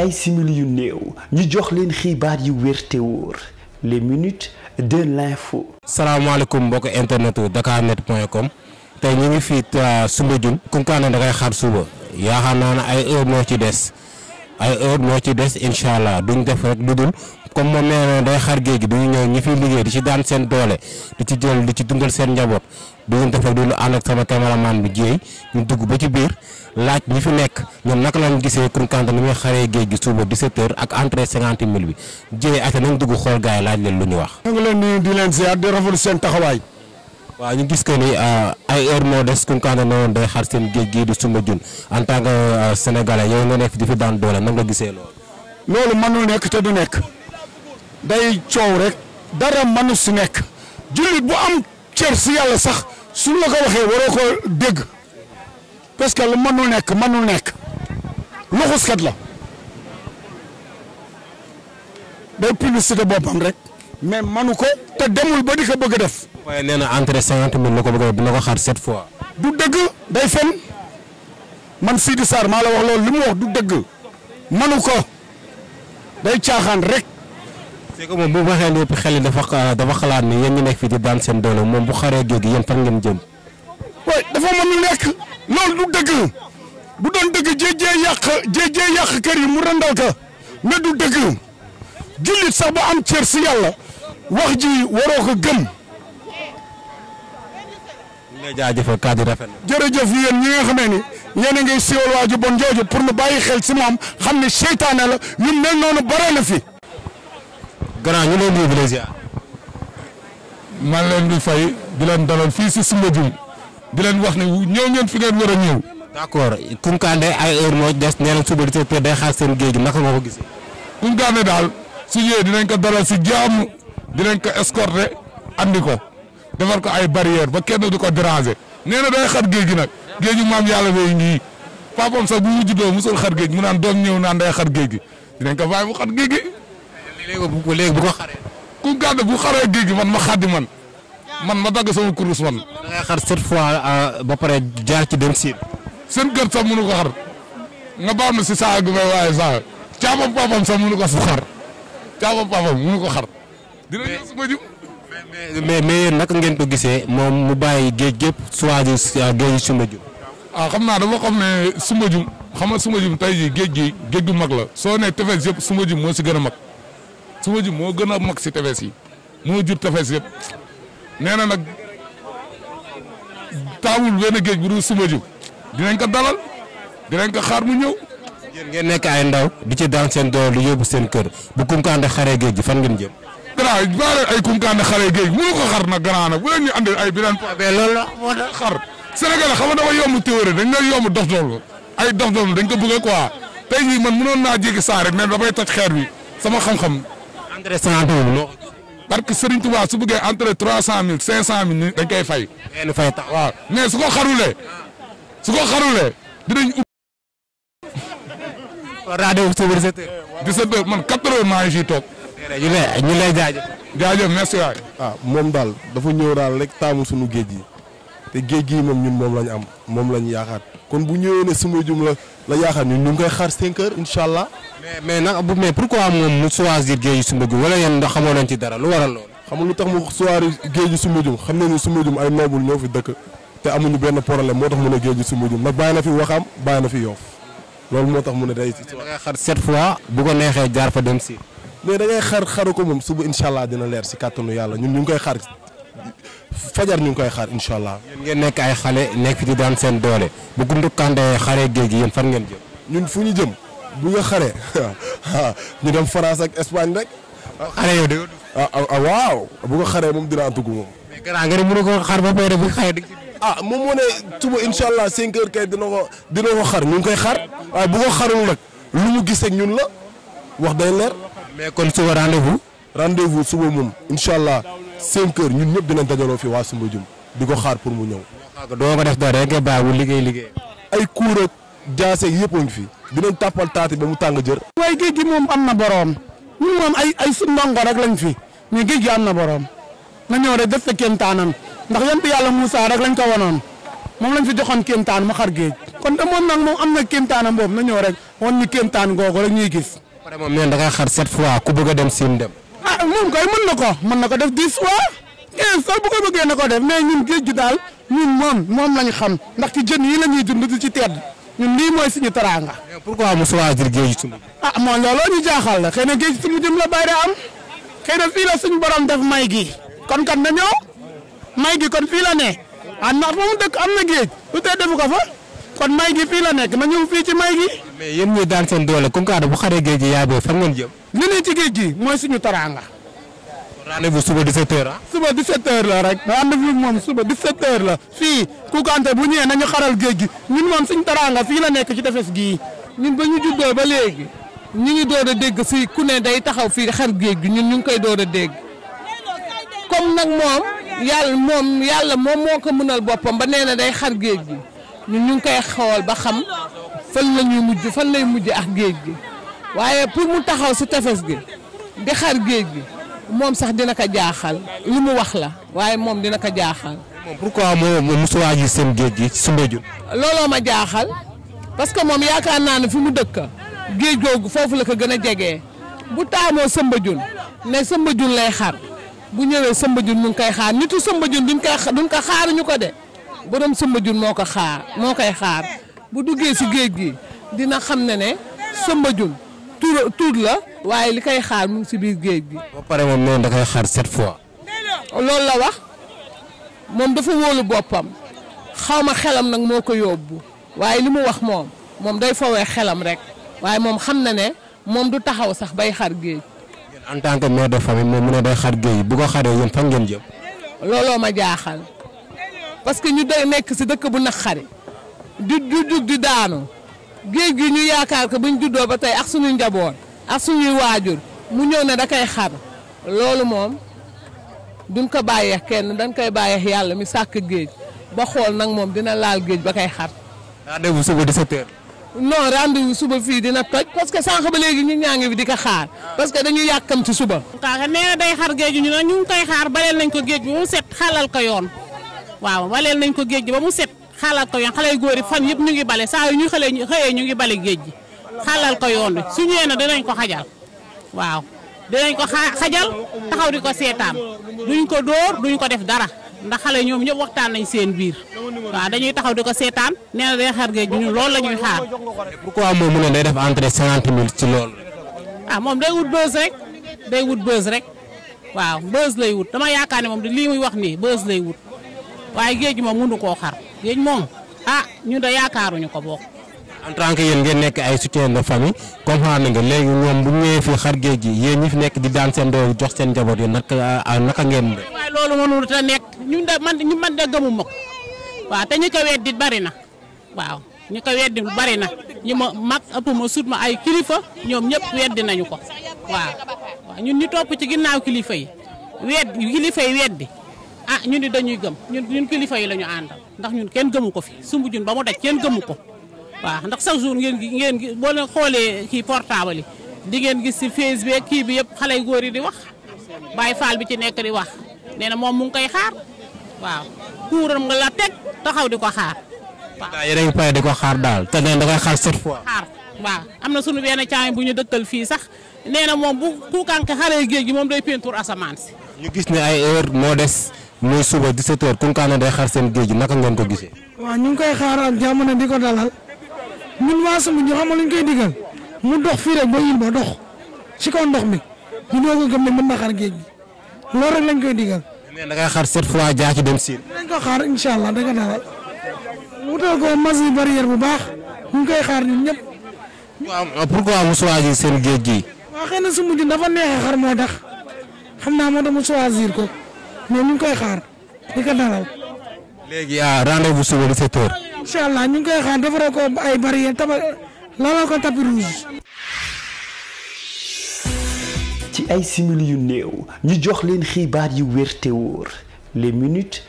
ay simili yu néew ñu jox leen xibaar yu wér te wóor les minutes de l'info. salaamaaleykum mbokk internetu dakarnet.com tey ñu ngi fii euh, Soumbédioune. Koungheul da ngay xaar suba yaakaar naa ne ay heure moo ci des. ay heure moo ci des incha allah duñ def rek lu dul comme moom nee na day xar géej gi duñu ñëw ñi fiy liggéey di ci daan seen doole di ci ci dundal seen njaboot duñu def rek du ñu ànd ak sama caméraman bi jéey ñu dugg ba ci biir laaj ñi fi nekk ñoom naka lañ gisee Kounkandé ni muy xaree géej gi suba 17h ak entrée 50 000 bi jéey ak nañ dugg xool gars laaj leen lu ñu wax. ñu ngi leen seen taxawaay. waaw ñu gis que ni euh, ay heure moo des Kounkandé ne woon day xar seen géej gii di Soumbédioune en tant que euh, sénégalais yow nga nekk di fi daan doole nan nga gisee loolu. loolu nekk te du nekk day coow rek dara mënu si nekk jullit bu am cër si yàlla sax su la ko waxee waroo ko dégg parce que lu mënul nekk mënul nekk luxuskat la day publicité boppam rek mais mënu ko te demul ba di ko bëgg def. waaye nee na entrée cinquante mille na ko bëgg na ko xaar sept fois. du dëgg day fen man Sidi Sarr maa la wax loolu li mu wax du dëgg manu ko day caaxaan rek. c'est que moom bu waxee lépp xel yi dafa dafa xalaat ni yéen nekk fii di daan seen doole moom bu xaree géej gi yéen fan ngeen jëm. waaye dafa mën nekk loolu du dëgg bu doon dëgg jéejee yàq jéejee yàq kër yi mu randal ka mais du dëgg jullit sax ba am cër si yàlla wax ji waroo ko gëm. lay jaajëfal kaddu rafet na. jërëjëf yéen ñi nga xamee ni yéen a ngi siiwal waaju bon jooju pour nu bàyyi xel si moom xam ne seytaane la ñu mel noonu bare na fi. gannaaw ñu leen di ziar. man leen di fay di leen dalal fii si Soumbédioune di leen wax ne ñëw ngeen fi ngeen war a ñëw. d'accord Koungheul ay heure moo des nee na suba di day xaar seen géej gi naka nga ko gisee. Koungheul daal si ñëwee dinañ ko dalal si jàmm dinañ ko escorter andi ko. defar ko ay barrière ba kenn du ko déranger nee na day xar géej gi nag géeju maam yàlla bee ngi papam sax bu mu juddoo musul xar géej mu naan doom ñëw naan day xar géej gi dinañ ko bàyyi mu xar géej gi. léegi bu bu ko xaree. ku bu xaree géej gi man ma xaddi man man ma dagg sama kurus man. da ngay xar sept fois euh, ba pare jaar ci dem siin. seen kër sax mënu ko xar nga baam na si saa gu may waaye saa caabam papam sax mënu ko fu xar caabam papam mënu ko xar. dinañ ñëw su ma mais mais naka ngeen ko gisee moom mu bàyyi géej gépp su ah, géeju Soumbédioune. ah xam naa dama xam ne suma Soumbédioune xam nga Soumbédioune tey jii géej gi géej gu mag la soo ne tefes yëpp Soumbédioune moo si gën a mag Soumbédioune moo gën a mag si tefes yi moo jur tefes yëpp nee na nag taawul benn géej bu suma Soumbédioune dinañ ko dalal dinañ ko xaar mu ñëw. yéen ngeen nekk ay ndaw di ci daan seen doole lu yóbbu seen kër bu Koungheul xaree géej gi fan ngeen jëm. dara maa leen ay a xale yi géej mënu ko xar nag gannaaw nag bu leen ñu andil ah, loolu la moo tax xar Sénégal xam nga dafa yomb théorie dañ lay yomb dox dool ay dox dool dañ ko bëggee quoi tey jii man mënoon naa jéggi saa rek mais dafay toj xeer bi sama xam-xam. engrais cent mille loo. parce que Serigne Touba su bëggee entre trois cent mille cinq cent mille dañ koy fay. dañ fay tax waaw mais su ko xarulee. su ko xarulee dinañ. rajo bi 17 heures. 17 heures man 4 heures maa ngi toog. ñu lay ñu lay jaajëf. jaajëf merci waay. Ah, moom daal dafa ñëw daal rek taamu suñu géej gi te géej gi moom ñun moom lañ am moom lañ yaakaar kon bu ñëwee ne suma jum la la yaakaar ñu ngi koy xaar 5 incha allah. mais mais nag bu mais pourquoi moom mu choisir géeju suma jum wala yéen nga xamoo nañ ci dara lu waral loolu. xam lu tax mu choisir géeju suma jum xam nañu suma jum ay noobul ñoo fi dëkk te amuñu benn problème moo tax mu ne géeju suma jum nag bàyyi na fi waxam bàyyi na fi yoof loolu moo tax mu ne da ngay xar fois bu ko neexee jaar fa dem si. mais da ngay xar xaru ko moom suba incha allah dina leer si kàttanu yàlla ñun ñu ngi koy xaar fajar ñu ngi koy xaar incha allah. yéen ngeen nekk ay xale nekk fi seen doole bu gundukandee xaree géej gi yéen fan ngeen jëm. ñun fu ñu jëm bu nga xaree ñu dem France ak Espagne rek. Ah, ah, ah, xaree moom dinaa dugg moom. mais grand xar ba pare bu moom moo ne suba incha allah 5 heures kay dina ko dina ko xar ñu ngi koy xar waaye bu ko xarul nag lu mu gis ak ñun la wax day leer. mais kon suba rendez-vous. rendez-vous suba moom incha allah 5 heures ñun ñëpp dinañ dajaloo fi waa Sumba di ko xaar pour mu ñëw. waaw doo ko def doo rek ay kuur ak jaase a ngi fi. dinañ tàppal taati ba mu tàng jër. waaye géej gi moom am na boroom ñun moom ay ay su ndongo rek lañ fi mais na boroom na ñëw rek def fa kéemtaanam ndax yonent yàlla Moussa rek lañ ko wanoon moom lañ fi joxoon kéemtaan ma xar géej kon de moom nag moom am na kéemtaanam boobu na ñëw rek woon ñu kéemtaan googu rek ñuy gis. après moom da xar sept fois ku bëgg a dem siin dem. ah moom koy mën na ko mën na ko def dix fois quinze eh, fois bu ko bëggee na ko def mais ñun géej gi daal ñun moom moom lañ xam ndax ci jën yi la ñuy dund di ci tedd ñun lii mooy suñu teraanga. mais pourquoi mu choisir géej sumb. ah moom looloo ñu jaaxal la xëy na géej sumb jëm la bay da am xëy na fii la suñu borom def may gi kon kan na ñëw may gi kon fii la ne ah a moom dëkk am na géej lu tee defu ko fa. kon may gi fii la nekk na ñëw fii ci may gi. mais yéen ñuy daan seen doole Koungheul bu xaree géej gi yaay booy fan ngeen jëm. li ne ci géej gi mooy suñu taraanga. rendez-vous suba 17h ah. suba 17h la rek. rendez-vous moom suba 17h la fii Koukante bu ñëwee nañu xaral géej gi ñun moom suñu taraanga fii la nekk ci tefes gii. ñun ba ñu juddoo ba léegi ñu ngi door a dégg fii ku ne day taxaw fii xar géej gi ñun ñu ngi koy door a dégg comme nag moom yàlla moom yàlla moom moo ko mënal boppam ba nee na day xar géej gi. ñun ñu ngi koy xool ba xam fan la ñuy mujj fan lay mujj ak géej gi waaye pour mu taxaw si tefes gi di xar géej gi moom sax dina ko jaaxal li mu wax la waaye moom dina ko jaaxal. moom pourquoi moom mosu waa gis seen géej gi su ma looloo ma jaaxal parce que moom yaakaar naa ne fi mu dëkk géej googu foofu la ko gën a jege bu taamoo sëmbajun ne sëmbajun lay xar bu ñëwee sëmbajun mu ngi koy xaar nitu sëmbajun duñ koy duñ ko xaaruñu ko de borom sëmba jun moo ko xaar moo koy xaar bu duggee si géej gi dina xam ne ne sëmba jun tur la waaye li koy xaar mu si biir géej gi. ba pare moom noonu da koy xaar sept fois. loolu la wax moom dafa wóolu boppam xawma xelam nag moo ko yóbbu waaye li mu wax moom moom day fowee xelam rek waaye moom xam na ne moom du taxaw sax bay xar géej. en tant de famille moom mu day xar géej bu ko xaree yéen fan ngeen jëm. looloo ma jaaxal. parce que ñu day nekk si dëkk bu naqari di du jug di daanu géej gi ñu yaakaar que buñ juddoo ba tey ak suñu njaboot ak suñuy waajur mu ñëw ne da koy xar loolu moom duñ ko bàyyeex kenn dañ koy bàyyeex yàlla mi sàkk géej ba xool nag moom dina laal géej ba kay xar. rendez-vous suba 17h. non rendez-vous suba fii dina toj parce que sànq ba léegi ñu ñaa bi di ko xaar parce que dañu yàkkamti suba. kaaga nee na day xar géej ñu ne ñu ngi koy xaar baleel nañ ko géej bi mu set xalal ko yoon. waaw waleel nañ ko géej gi ba mu set xalal ko yoon xale yu góor yi fan yëpp ñu ngi bale saa yu ñu xale ñu xëyee ñu ngi bale géej gi xalal ko yoon bi su ñëwee na dinañ ko xajal waaw dinañ ko xajal taxaw di ko seetaan duñ ko dóor duñ ko def dara ndax xale ñoom ñëpp waxtaan nañ seen biir waaw dañuy taxaw di ko seetaan nee na xar xaar géej gi ñun loolu la ñuy xaar. pourquoi moom mu ne day def entrée cinquante mille ci loolu. ah moom day wut bës rek day wut bës rek waaw bës lay wut dama yaakaar ne moom lii muy wax nii bës lay wut. waaye géej moom mënu koo xar géej moom ah ñu da yaakaaruñu ko bokk. en tant que yéen ngeen nekk ay soutien de famille comprendre nga léegi ñoom bu ñëwee fi xar géej gi yéen ñi fi nekk di daan seen doole jox seen njaboot yi naka ah, naka ngeen. waaye loolu mënul ta nekk ñun de man ñu man de gëmu ma ko waaw te ñi ko weddi bari na waaw ñu ko weddi bari na ñi ma mag ëpp ma sut ma ay kilifa ñoom ñëpp weddi nañu ko waaw ñun ñu topp ci ginnaaw kilifa yi weddi kilifa yi weddi. ah ñun di dañuy gëm ñun ñun kilifa yi la ñu àndal ndax ñun kenn gëmu ko fi Soumbédioune ba mu daj kenn gëmu ko waaw ndax chaque jour ngeen ngeen boo leen xoolee kii portable yi di ngeen gis si Facebook kii bi yëpp xale góor yi di wax Baye Fall bi ci nekk di wax nee na moom mu koy xaar waaw kuuram nga la taxaw di ko xaar. waaw yéen a ngi pare di ko xaar daal te nee da koy xaar sept fois. xaar waaw am na sunu benn caay bu ñu dëkkal fii sax nee na moom bu ku kànk xaree géej gi moom day peinture asamaan si. ñu gis ne ay heure moo des. mooy suba 17h Kounkané day xar seen géej gi naka ngeen ko gisee. waaw ñu ngi koy xaaral jàmm na di ko dalal ñun waa Sumb ñu xamal lu ñu koy digal mu dox fii ba il ba kaw ndox mi ñu doog a gëm ne géej gi loolu rek lañ koy digal. mais da xaar sept fois jaa ci dem siin. ko xaar incha allah da nga dalal wutal ko mesure barrière bu baax ñu ngi koy xaar ñun ñëpp. waaw pourquoi mu choisir seen géej gi. waaw xëy na dafa neexee xar moo tax xam naa moo tax mu choisir ko. mais ñu ngi koy xaar di ko dalal. léegi ah rendez bu sept heures. incha allah ñu ngi koy xaar defaree ko ay barrière taba laloo ko tapis rouge. ci ay simili yu néew ñu jox leen xibaar yu wér wóor les minutes